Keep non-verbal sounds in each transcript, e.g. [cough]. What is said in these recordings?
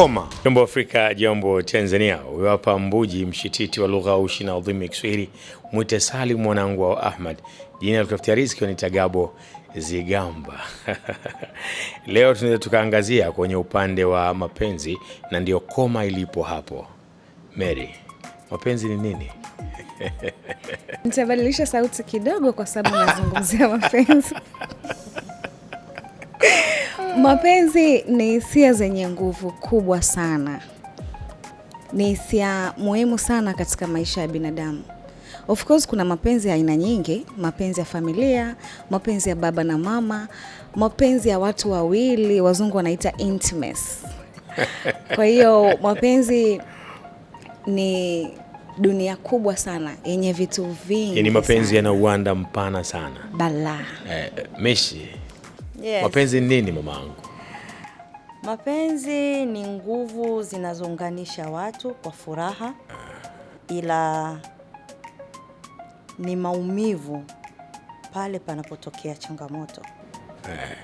koma. Jambo Afrika, jambo Tanzania. Huyo hapa Mbuji, mshititi wa lugha aushi na udhimi Kiswahili, mwite Salim mwanangu wa Ahmad, jina likutafutia riziki ni Tagabo Zigamba. [laughs] Leo tunaweza tukaangazia kwenye upande wa mapenzi, na ndio koma ilipo hapo. Mary, mapenzi ni nini? [laughs] Nitabadilisha sauti kidogo, kwa sababu nazungumzia mapenzi [laughs] Mapenzi ni hisia zenye nguvu kubwa sana, ni hisia muhimu sana katika maisha ya binadamu. Of course kuna mapenzi ya aina nyingi, mapenzi ya familia, mapenzi ya baba na mama, mapenzi ya watu wawili, wazungu wanaita intimacy. [laughs] Kwa hiyo mapenzi ni dunia kubwa sana yenye vitu vingi. Yaani mapenzi yana uwanda mpana sana. bala. Eh, eh, Meshi Yes. Mapenzi ni nini angu? Mapenzi ni nguvu zinazounganisha watu kwa furaha, ah. ila ni maumivu pale panapotokea changamoto. Eh,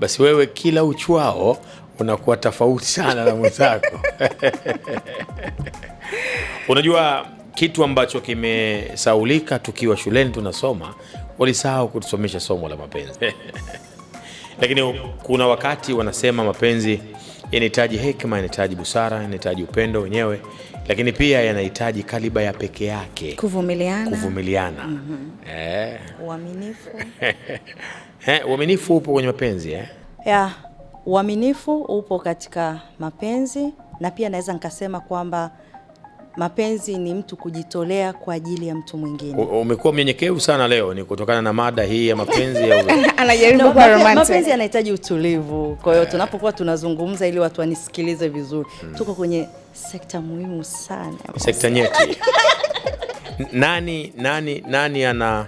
basi wewe kila uchwao unakuwa tofauti sana na mwenzako. [laughs] Unajua kitu ambacho kimesaulika tukiwa shuleni tunasoma, walisahau kutusomesha somo la mapenzi. [laughs] Lakini kuna wakati wanasema mapenzi yanahitaji hekima, yanahitaji busara, yanahitaji upendo wenyewe, lakini pia yanahitaji kaliba ya peke yake, kuvumiliana, kuvumiliana. Mm -hmm. Eh. Uaminifu. [laughs] Eh, uaminifu upo kwenye mapenzi eh? Ya, uaminifu upo katika mapenzi na pia naweza nikasema kwamba mapenzi ni mtu kujitolea kwa ajili ya mtu mwingine. Umekuwa mnyenyekevu sana leo, ni kutokana na mada hii ya mapenzi ya [laughs] anajaribu no, romantic. Mapenzi yanahitaji utulivu, kwa hiyo eh. tunapokuwa tunazungumza ili watu wanisikilize vizuri hmm. Tuko kwenye sekta muhimu sana, sekta nyeti nani, nani, nani ana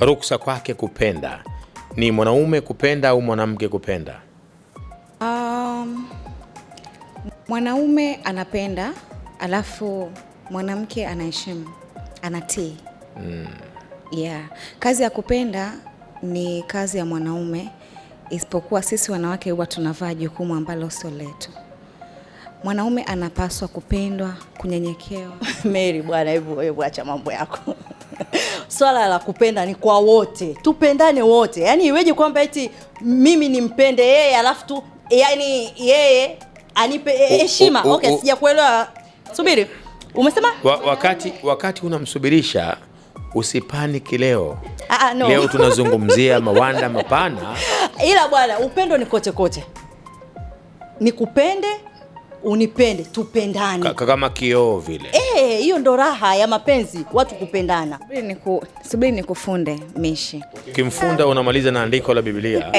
ruksa kwake kupenda? Ni mwanaume kupenda au mwanamke kupenda? Um, mwanaume anapenda alafu mwanamke anaheshimu, anatii. mm. Yeah. Kazi ya kupenda ni kazi ya mwanaume, isipokuwa sisi wanawake huwa tunavaa jukumu ambalo sio letu. Mwanaume anapaswa kupendwa, kunyenyekewa. [laughs] meri bwana, hebu wewe acha mambo yako [laughs] Swala la kupenda ni kwa wote, tupendane wote. Yaani iweje kwamba eti mimi nimpende yeye alafu tu yani yeye anipe e, heshima? Okay, sijakuelewa Subiri. Umesema? Wa, wakati wakati unamsubirisha usipaniki leo. Ah, ah, no. Leo [laughs] tunazungumzia mawanda mapana. Ila bwana, upendo ni kote kote. Nikupende unipende, tupendane Ka, kama kioo vile. Eh, hiyo ndo raha ya mapenzi, watu kupendana. Subiri nikufunde Mishi. Ukimfunda unamaliza na andiko la Biblia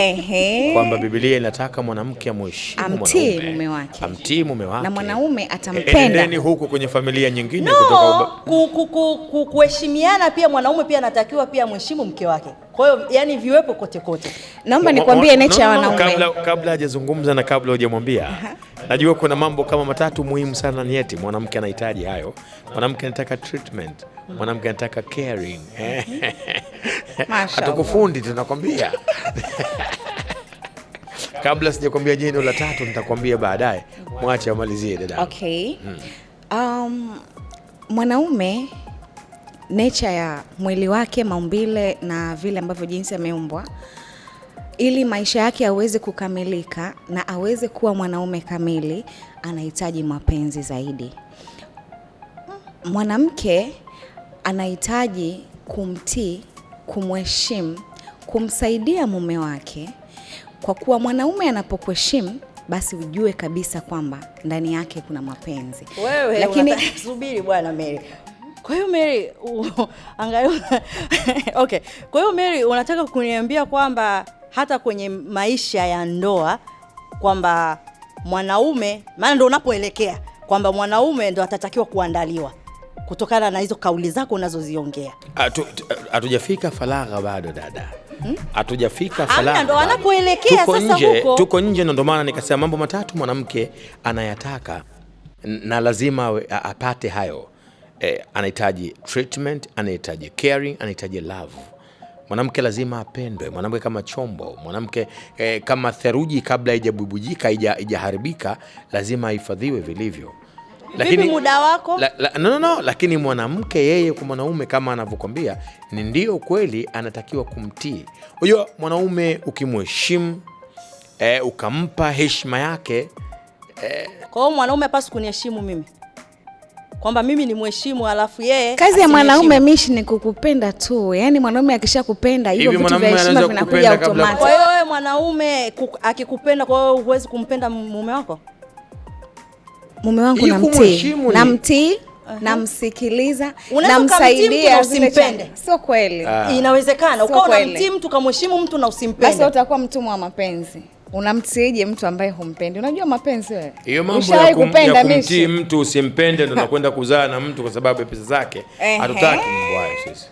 kwamba Biblia inataka mwanamke amheshimu mume wake, amtii mume wake na mwanaume eh, atampenda. Endeni huku kwenye familia nyingine no, kuheshimiana pia, mwanaume pia anatakiwa pia mheshimu mke wake. Kwa hiyo yani viwepo kote kote. Naomba nikwambie nature ya wanaume kabla hajazungumza na kabla hujamwambia Najua kuna mambo kama matatu muhimu sana nyeti, mwanamke anahitaji hayo. Mwanamke anataka treatment, mwanamke anataka caring. Hatukufundi tunakwambia. Kabla sijakwambia jeno la tatu, nitakwambia baadaye. Mwache amalizie dada. Okay. Mm. Um, mwanaume nature ya mwili wake, maumbile na vile ambavyo jinsi ameumbwa ili maisha yake aweze kukamilika na aweze kuwa mwanaume kamili, anahitaji mapenzi zaidi. Mwanamke anahitaji kumtii, kumheshimu, kumsaidia mume wake, kwa kuwa mwanaume anapokuheshimu basi ujue kabisa kwamba ndani yake kuna mapenzi. Wewe lakini [laughs] subiri bwana Mary. Kwa hiyo Mary, [laughs] angalau [laughs] Okay, kwa hiyo Mary unataka kuniambia kwamba hata kwenye maisha ya ndoa kwamba mwanaume, maana ndo unapoelekea kwamba mwanaume ndo atatakiwa kuandaliwa kutokana na hizo kauli zako unazoziongea. Ah, hatujafika falagha bado dada, hmm? hatujafika faragha, ndo wanapoelekea sasa huko. Tuko nje, ndo maana nikasema mambo matatu mwanamke anayataka na lazima apate hayo. Eh, anahitaji treatment, anahitaji caring, anahitaji love Mwanamke lazima apendwe, mwanamke kama chombo, mwanamke eh, kama theruji kabla haijabubujika haijaharibika, lazima ahifadhiwe vilivyo. Lakini muda wako la, la, no, no, no, lakini mwanamke yeye kwa mwanaume kama anavyokwambia ni ndio kweli, anatakiwa kumtii. Unajua mwanaume ukimheshimu, eh, ukampa heshima yake eh, kwa hiyo mwanaume hapaswi kuniheshimu mimi kwamba mimi ni mheshimu, alafu yeye kazi ya mwanaume mishi ni kukupenda tu, yani mwanaume akishakupenda hivyo vitu vya heshima vinakuja automatic. Kwa hiyo wewe mwanaume akikupenda, kwa hiyo huwezi kumpenda mume wako? Mume wangu namtii, namtii namsikiliza namsaidia, usimpende. Sio kweli? Ah. Inawezekana ukawa unamtii mtu, kamheshimu mtu na usimpende, basi utakuwa mtumwa wa mapenzi unamtiije mtu ambaye humpendi? Unajua mapenzi wewe. Hiyo mambo ya kumtii mtu usimpende ndo nakwenda kuzaa na mtu kwa sababu ya pesa zake. Hatutaki mbwaye sisi.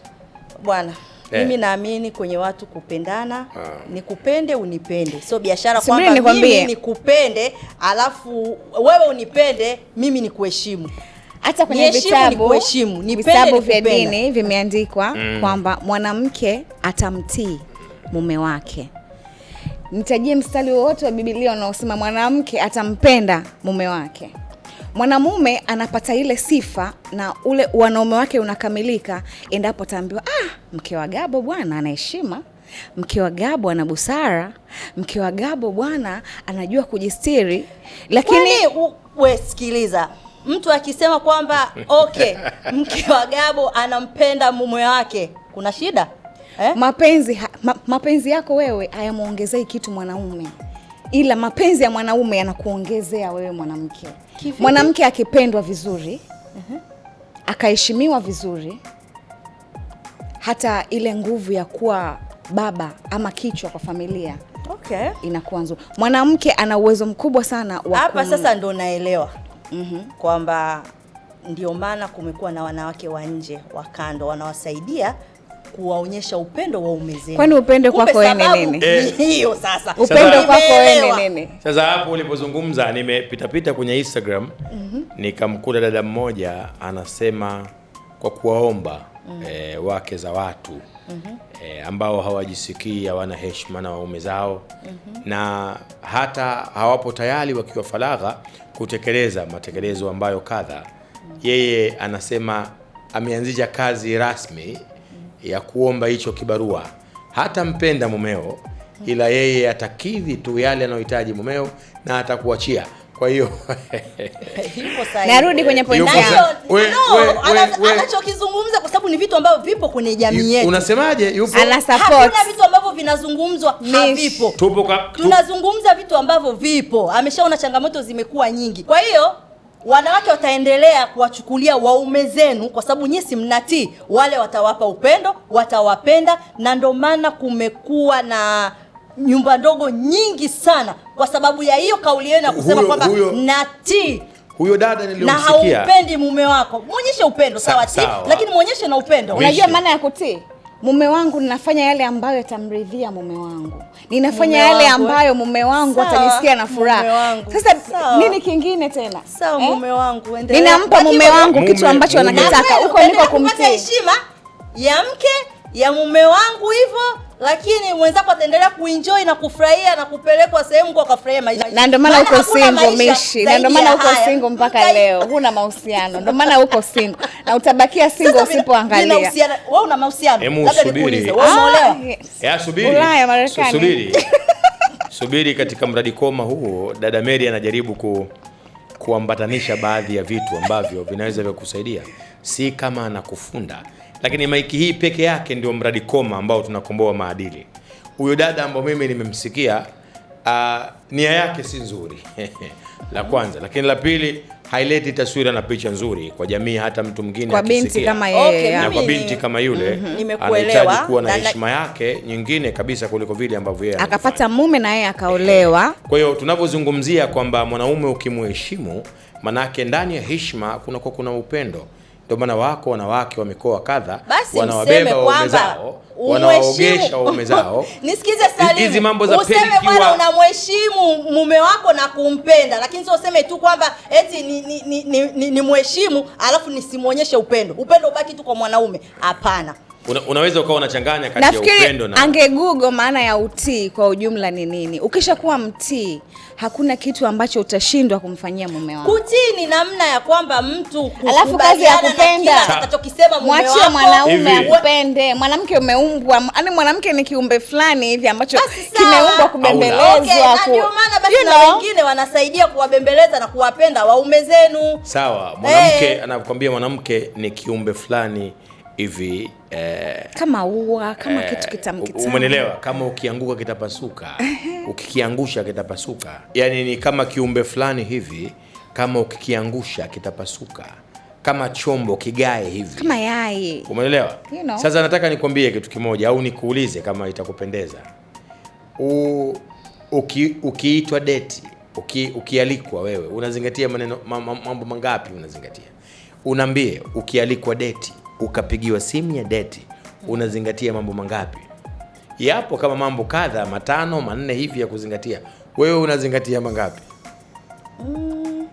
Bwana Yeah. Mimi naamini kwenye watu kupendana ah. Nikupende unipende, sio biashara kwamba mimi nikupende alafu wewe unipende mimi nikuheshimu. Hata kwenye vitabu vitabu vya dini vimeandikwa mm. kwamba mwanamke atamtii mume wake nitajie mstari wowote wa Biblia unaosema mwanamke atampenda mume wake. Mwanamume anapata ile sifa na ule wanaume wake unakamilika endapo ataambiwa, ah, mke wa Gabo bwana anaheshima mke wa Gabo ana busara, mke wa Gabo bwana anajua kujistiri. Lakini we sikiliza, mtu akisema kwamba okay, mke wa Gabo anampenda mume wake, kuna shida Eh? Mapenzi ha, ma, mapenzi yako wewe hayamwongezei kitu mwanaume, ila mapenzi ya mwanaume yanakuongezea wewe mwanamke. Mwanamke akipendwa vizuri uh -huh. akaheshimiwa vizuri, hata ile nguvu ya kuwa baba ama kichwa kwa familia okay. inakuwa nzuri. Mwanamke ana uwezo mkubwa sana wa hapa. Sasa ndo naelewa mm -hmm. kwamba ndio maana kumekuwa na wanawake wa nje wa kando wanawasaidia kuwaonyesha upendo wa umezeni. Kwani upendo kwako ni nini? Eh. [laughs] Hiyo sasa. Upendo kwako ni nini? Sasa hapo ulipozungumza nimepitapita kwenye Instagram mm -hmm. nikamkuta dada mmoja anasema kwa kuwaomba mm -hmm. eh, wake za watu mm -hmm. eh, ambao hawajisikii hawana heshima na waume zao mm -hmm. na hata hawapo tayari wakiwa faragha kutekeleza matekelezo ambayo kadha mm. yeye anasema ameanzisha kazi rasmi ya kuomba hicho kibarua. Hata mpenda mumeo, ila yeye atakidhi tu yale anayohitaji mumeo na atakuachia. Kwa hiyo [laughs] narudi kwenye pointi yangu, anachokizungumza kwa sababu ni vitu ambavyo vipo kwenye jamii yetu. Unasemaje? Yupo ana support. vitu ambavyo vinazungumzwa havipo, tunazungumza vitu ambavyo vipo. Ameshaona changamoto zimekuwa nyingi, kwa hiyo wanawake wataendelea kuwachukulia waume zenu, kwa sababu nyinyi si mnatii, wale watawapa upendo, watawapenda, na ndio maana kumekuwa na nyumba ndogo nyingi sana kwa sababu ya hiyo kauli yenu ya kusema kwamba natii huyo dada niliyomsikia, na haupendi mume wako, mwonyeshe upendo. Sawa, sawa, lakini mwonyeshe na upendo. Unajua maana ya kutii mume wangu, ninafanya yale ambayo yatamridhia mume wangu, ninafanya mume yale eh? ambayo mume wangu atajisikia na furaha. Sasa nini kingine tena? Sawa, eh? mume wangu endelea, ninampa mume wangu mume, kitu ambacho anakitaka huko, niko kumtii heshima ya mke ya mume wangu hivyo lakini mwenzako ataendelea kuenjoy na kufurahia na kupelekwa sehemu kwa kufurahia maisha. Na ndio maana uko single Mishi, na ndio maana uko single mpaka leo, huna mahusiano. Ndio maana uko single na utabakia single usipoangalia. Wewe una mahusiano, labda nikuulize, wewe umeolewa? Ah, ya subiri, Ulaya, Marekani, subiri, subiri. Katika mradi koma huo, dada Mary anajaribu ku kuambatanisha baadhi ya vitu ambavyo vinaweza vya kusaidia, si kama anakufunda lakini maiki hii peke yake ndio mradi koma ambao tunakomboa maadili. Huyo dada ambao mimi nimemsikia uh, nia yake si nzuri [laughs] la kwanza, lakini la pili haileti taswira na picha nzuri kwa jamii, hata mtu mwingine kwa binti kama yeye na kwa binti kama yule mhm, anahitaji kuwa na heshima yake nyingine kabisa kuliko vile ambavyo yeye akapata mume na yeye akaolewa. Eh, eh. Kwa hiyo tunavyozungumzia kwamba mwanaume ukimheshimu, manake ndani ya heshima kunakuwa kuna upendo. Ndio maana wako wanawake wa mikoa kadha wanawabeba waume zao, wanawaogesha waume zao. [laughs] Nisikize Salimu, hizi mambo za useme bwana, unamheshimu mume wako na kumpenda, lakini sio useme tu kwamba eti ni ni, ni, ni, ni, ni mheshimu alafu nisimwonyeshe upendo, upendo ubaki tu kwa mwanaume. Hapana. Una, unaweza ukawa unachanganya kati ya upendo na ange google maana ya utii kwa ujumla ni nini. Ukishakuwa mtii, hakuna kitu ambacho utashindwa kumfanyia mume wako. Kutii ni namna ya kwamba mtu, alafu kazi ya kupenda atakachokisema mume wako, mwachie mwanaume akupende. Mwanamke umeumbwa, yani, mwanamke ni kiumbe fulani hivi ambacho kimeumbwa kubembelezwa. Okay, ndio maana basi you know, na wengine wanasaidia kuwabembeleza na kuwapenda waume zenu. Sawa, eh. mwanamke hey, anakwambia mwanamke ni kiumbe fulani hivi eh, kama ua kama eh, kitu kitamu kitamu, Kama ukianguka kitapasuka, [laughs] ukikiangusha kitapasuka. Yani ni kama kiumbe fulani hivi, kama ukikiangusha kitapasuka, kama chombo kigae hivi, kama yai, umeelewa? you know. Sasa nataka nikwambie kitu kimoja au nikuulize kama itakupendeza. Uki, ukiitwa deti, uki, ukialikwa wewe unazingatia maneno mambo mangapi? Unazingatia, unaambie ukialikwa deti ukapigiwa simu ya deti, unazingatia mambo mangapi? Yapo kama mambo kadha matano manne hivi ya kuzingatia. Wewe unazingatia mangapi? Mm,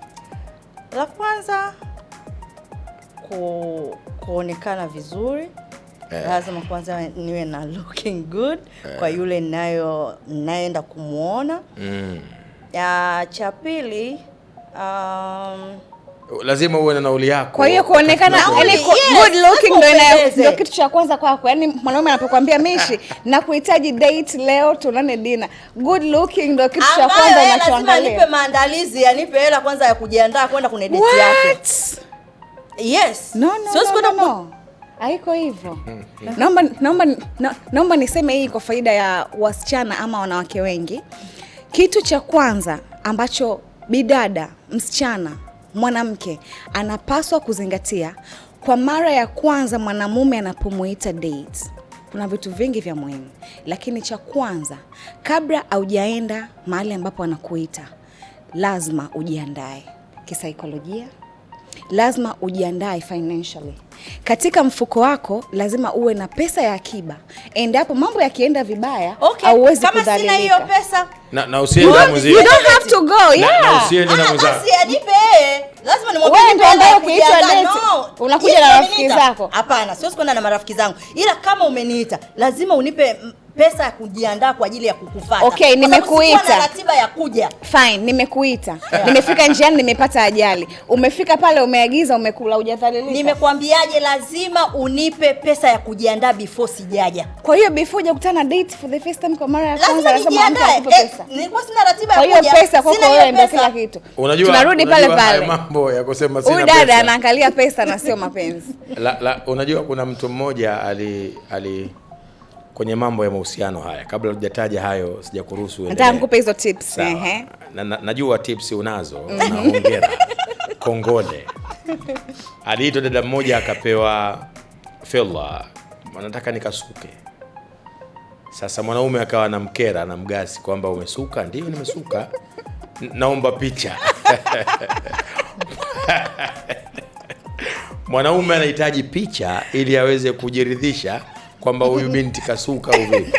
la kwanza ku, kuonekana vizuri eh. Lazima kwanza niwe na looking good eh, kwa yule nayo naenda kumwona mm. Cha pili um, lazima uwe na nauli yako. Kwa hiyo kuonekana good looking ndio kitu cha kwanza kwako, yaani mwanaume anapokuambia Mishi, na kuhitaji date leo, tunane dina, good looking ndio kitu cha kwanza unachoangalia. Lazima nipe maandalizi, anipe hela kwanza ya kujiandaa kwenda kwenye date yake. Yes. No, no, so no, no, no. Haiko hivyo. Hmm, hmm. Naomba naomba naomba niseme hii kwa faida ya wasichana ama wanawake wengi. Kitu cha kwanza ambacho bidada msichana mwanamke anapaswa kuzingatia kwa mara ya kwanza mwanamume anapomuita date. Kuna vitu vingi vya muhimu, lakini cha kwanza, kabla haujaenda mahali ambapo anakuita, lazima ujiandae kisaikolojia lazima ujiandae financially. Katika mfuko wako lazima uwe na pesa ya akiba, endapo mambo yakienda vibaya okay, auwezi kudhalilika. Kama sina hiyo pesa na, na usiende na muziki. You don't have to go. Yeah. Na, na usiende na mzee. Ah, Asianipe yeye. Lazima ni mwambie ndio ambaye kuitwa date. Unakuja na rafiki zako? Hapana, siwezi kwenda na marafiki zangu. Ila kama umeniita, lazima unipe pesa ya kujiandaa kwa ajili ya kukufata. Okay, nimekuita. Ratiba ya kuja. Fine, nimekuita. [laughs] Yeah. Nimefika njiani nimepata ajali. Umefika pale umeagiza umekula hujadhalilika. Nimekuambiaje, lazima unipe pesa ya kujiandaa before sijaja. Kwa hiyo before hujakutana date for the first time kwa mara ya kwanza lazima mtu akupe eh, pesa. Nilikuwa sina ratiba ya kuja. Kwa hiyo pesa kwako wewe ndio kila kitu. Unajua, tunarudi pale pale. Mambo ya kusema sina pesa. Huyu dada anaangalia pesa na sio mapenzi. [laughs] La, la, unajua kuna mtu mmoja ali ali kwenye mambo ya mahusiano haya. Kabla hujataja hayo, sijakuruhusu uendelee. Nataka nikupe hizo tips. Ehe. Na, na, najua tips unazo mm. na hongera. [laughs] Kongole. Aliitwa dada mmoja akapewa fella, anataka nikasuke. Sasa mwanaume akawa na mkera na mgasi kwamba umesuka? ndio nimesuka. Naomba picha. [laughs] Mwanaume anahitaji picha ili aweze kujiridhisha kwamba huyu [laughs] binti kasuka au vipi?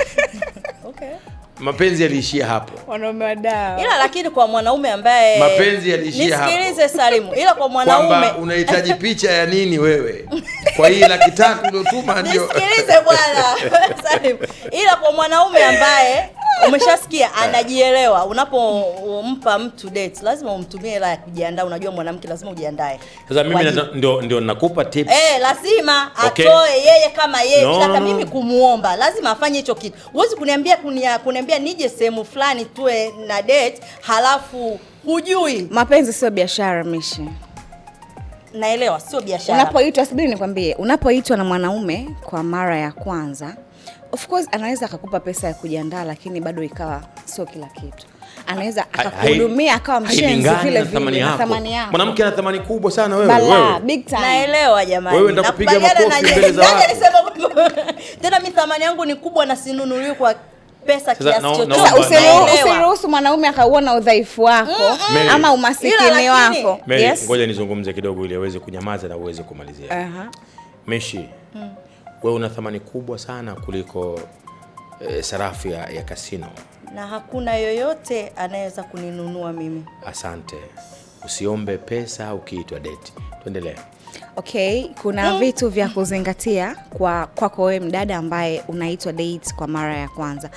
Mapenzi yaliishia hapo. Wanaume wadaa. Ila lakini kwa mwanaume ambaye Mapenzi yaliishia hapo. Nisikilize Salimu. Ila kwa mwanaume kwamba unahitaji [laughs] picha ya nini wewe? Kwa hii laki tatu uliotuma ndio. Nisikilize bwana [laughs] Salimu. Ila kwa mwanaume ambaye umeshasikia eh. anajielewa unapo kumpa mtu date lazima umtumie hela ya kujiandaa. Unajua mwanamke lazima ujiandae. Sasa mimi ndio ndio nakupa tip eh, lazima okay, atoe yeye kama yeye no, hata mimi kumuomba lazima afanye hicho kitu. Huwezi kuniambia kunia, kuniambia nije sehemu fulani tuwe na date halafu hujui. Mapenzi sio biashara Mishi. Naelewa sio biashara. Unapoitwa, subiri nikwambie, unapoitwa na mwanaume kwa mara ya kwanza, of course anaweza akakupa pesa ya kujiandaa, lakini bado ikawa sio kila kitu anaweza akakuhudumia akawa mshenzi vile vile, thamani yako. Mwanamke ana thamani kubwa sana wewe, wewe. Big time. Naelewa jamani. Wewe ndio kupiga makofi mbele za watu. [laughs] Tena mimi thamani yangu ni kubwa na sinunuliwi kwa pesa kiasi chochote. Usiruhusu mwanaume akauona udhaifu wako mm, mm. ama umasikini wako. Ngoja nizungumze kidogo ili aweze kunyamaza na uweze kumalizia. Uh-huh. Meshi, mm. wewe una thamani kubwa sana kuliko eh, sarafu ya kasino na hakuna yoyote anayeweza kuninunua mimi. Asante. Usiombe pesa ukiitwa deti. Tuendelee. Okay, kuna vitu vya kuzingatia kwa kwako wewe mdada ambaye unaitwa date kwa mara ya kwanza.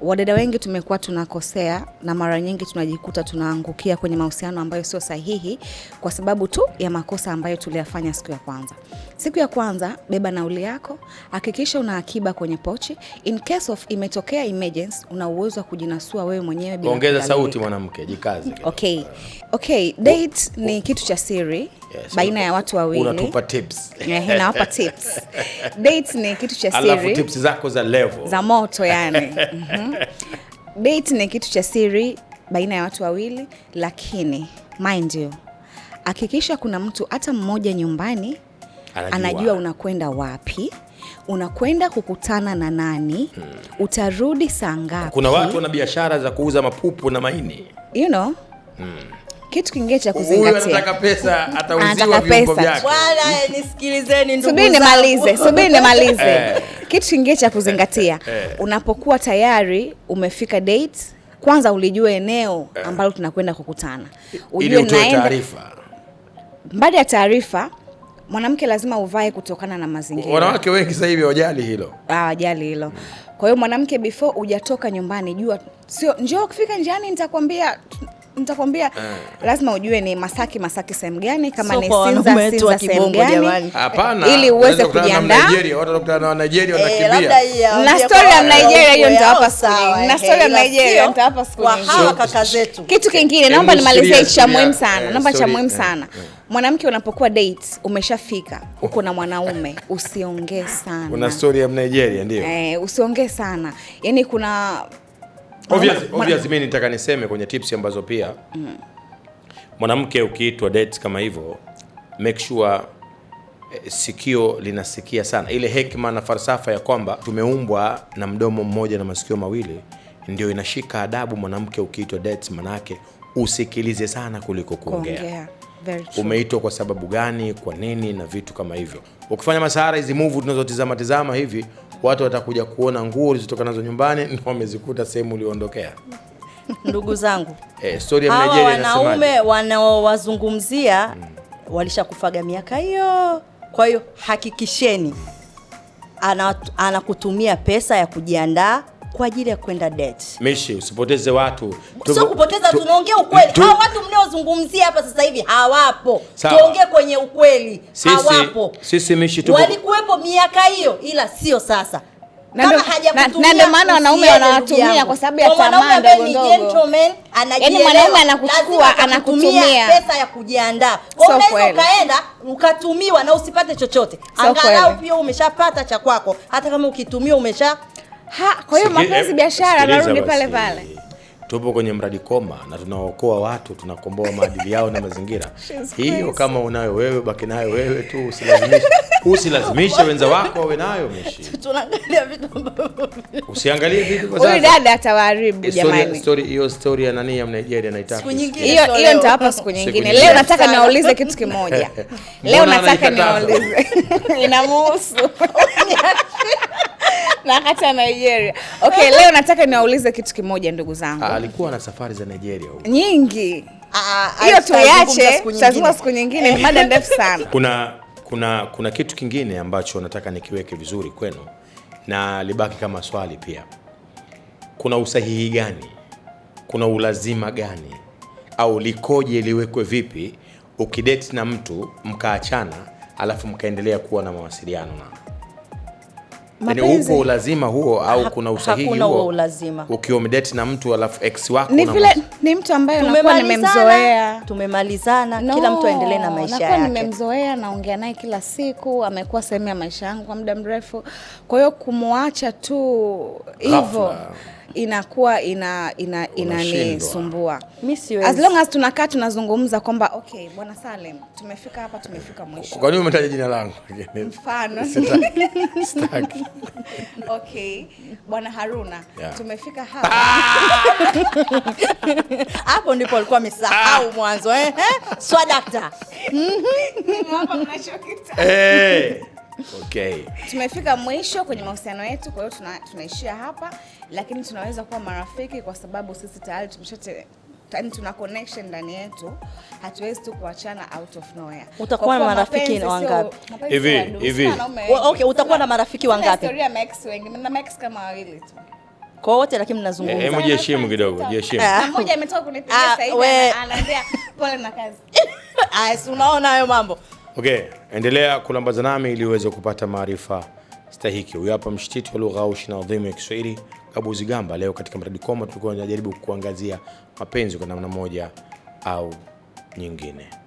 Wadada wengi tumekuwa tunakosea na mara nyingi tunajikuta tunaangukia kwenye mahusiano ambayo sio sahihi kwa sababu tu ya makosa ambayo tuliyafanya siku ya kwanza. Siku ya kwanza, beba nauli yako, hakikisha una akiba kwenye pochi. In case of imetokea emergency, una uwezo wa kujinasua wewe mwenyewe bila ongeza sauti. Mwanamke jikaze. Okay. Okay, date oh, ni kitu cha siri Yes, baina ya watu wawili. Unatupa tips. Yeah, Nawapa tips. [laughs] Date ni kitu cha siri. Alafu tips zako za level. Za moto yani. [laughs] Mhm. [laughs] Date ni kitu cha siri baina ya watu wawili, lakini mind you, hakikisha kuna mtu hata mmoja nyumbani anajua, anajua unakwenda wapi unakwenda kukutana na nani? hmm. utarudi saa ngapi? Kuna watu wana biashara za kuuza mapupu na maini you know? hmm. Eh. kitu kingine cha kuzingatia, anataka pesa, atauziwa nisikilizeni ndugu subiri nimalize, subiri nimalize. Kitu kingine cha kuzingatia, unapokuwa tayari umefika date, kwanza ulijue eneo eh. ambalo tunakwenda kukutana, ujue naenda baada ya taarifa mwanamke lazima uvae kutokana na mazingira. Wanawake wengi sasa hivi hawajali hilo, ah, hawajali hilo. Kwa hiyo mwanamke, before hujatoka nyumbani, jua sio njoo, kufika njiani nitakwambia nitakwambia eh. Lazima ujue ni Masaki Masaki sehemu gani, kama so, ni Sinza Sinza sehemu gani, hapana, ili uweze kujiandaa. Nigeria, watu Watakutana na Nigeria, eh, wanakimbia, na story ya Nigeria hiyo, nitawapa sawa, eh, na eh, story ya Nigeria nitawapa siku hawa kaka zetu. Kitu kingine naomba nimalizie cha muhimu sana, naomba cha muhimu sana Mwanamke unapokuwa date umeshafika uko na mwanaume, [laughs] usiongee sana. Kuna story ya Nigeria ndio, eh, usiongee sana, yaani kuna Obviously, mimi nitaka niseme kwenye tips ambazo pia mm. mwanamke ukiitwa dates kama hivyo, make sure eh, sikio linasikia sana. Ile hekima na falsafa ya kwamba tumeumbwa na mdomo mmoja na masikio mawili ndio inashika adabu. Mwanamke ukiitwa dates, manake usikilize sana kuliko kuongea. Umeitwa kwa sababu gani, kwa nini na vitu kama hivyo. Ukifanya masahara hizi move tunazotizama tizama hivi watu watakuja kuona nguo ulizotoka nazo nyumbani [laughs] na wamezikuta sehemu uliondokea. Ndugu zangu eh, story ya Nigeria wanaume Wanaowazungumzia hmm, walishakufaga miaka hiyo. Kwa hiyo hakikisheni anakutumia ana pesa ya kujiandaa kwa ajili ya kwenda date. Mishi, usipoteze watu. Sio kupoteza, tunaongea ukweli. Hao watu mnaozungumzia hapa sasa hivi hawapo. Tuongee kwenye ukweli. Sisi, hawapo. Sisi Mishi tupo. Walikuwepo miaka hiyo ila sio sasa. Na ndio maana wanaume wanawatumia kwa sababu ya tamaa ndogo ndogo. Gentleman Yaani mwanaume anakuchukua anakutumia pesa ya kujiandaa. Kwa hiyo so ukaenda ukatumiwa na usipate chochote. Angalau pia umeshapata cha kwako. Hata kama ukitumiwa umesha Ha, kwa hiyo mapenzi eh, biashara narudi pale pale. Tupo kwenye mradi Koma na tunaokoa watu, tunakomboa maadili yao na mazingira. [laughs] Hiyo kama unayo wewe, baki nayo wewe tu, usilazimishe usilazimishe wenza wako wawe nayo mishi. [laughs] Tunaangalia vitu ambavyo usiangalie vitu kwa sasa. Huyu dada atawaharibu jamani. Story hiyo, story ya nani ya Nigeria naitaka. Hiyo hiyo nitawapa siku nyingine. Leo nataka niwaulize kitu kimoja. [laughs] Leo nataka niwaulize. Inamuhusu. [laughs] na kata Nigeria. Okay, leo nataka niwaulize kitu kimoja ndugu zangu. Ah, alikuwa na safari za Nigeria huko. Nyingi. Ah, ah, Hiyo tuache, tutazungumza siku nyingine, mada ndefu sana. [laughs] Kuna kuna kuna kitu kingine ambacho nataka nikiweke vizuri kwenu na libaki kama swali pia. Kuna usahihi gani? Kuna ulazima gani? Au likoje liwekwe vipi ukidate na mtu mkaachana alafu mkaendelea kuwa na mawasiliano na Yani Yaani uko lazima huo au kuna usahihi huo? Hakuna ulazima. Ukiwa umedate na mtu alafu ex wako ni vile ni mtu ambaye nakuwa nimemzoea. Tumemalizana, no, kila mtu aendelee na maisha yake. Nakuwa nimemzoea, naongea naye kila siku, amekuwa sehemu ya maisha yangu kwa muda mrefu. Kwa hiyo kumwacha tu hivyo inakuwa ina, ina, inanisumbua. As long as tunakaa tunazungumza kwamba okay, bwana Salem, tumefika hapa, tumefika mwisho. Kwa nini umetaja jina langu? Mfano. [laughs] [laughs] Okay, bwana Haruna, yeah. Tumefika hapa. [laughs] Hapo ndipo alikuwa amesahau mwanzo eh? Swadakta. Hapa mnachokita. Eh. Okay. Tumefika mwisho kwenye mahusiano yetu, kwa hiyo tuna, tunaishia hapa, lakini tunaweza kuwa marafiki kwa sababu sisi tayari tumeshate yani tuna connection ndani yetu, hatuwezi tu kuachana out of nowhere. Utakuwa na marafiki wangapi hivi hivi? Okay, utakuwa na marafiki wangapi? Historia max wengi, mimi na max kama wawili tu kwa wote, lakini mnazungumza. Eh, hebu jiheshimu kidogo, jiheshimu. Ah. Mmoja ametoka kunipigia ah, sasa hivi, anaambia pole na kazi. Ah, [laughs] Unaona hayo mambo. Okay, endelea kulambaza nami ili uweze kupata maarifa stahiki. Huyu hapa mshititi wa lugha aushi na adhimu ya Kiswahili Gabuzi Gamba. Leo katika mradi Koma tulikuwa tunajaribu kuangazia mapenzi kwa namna moja au nyingine.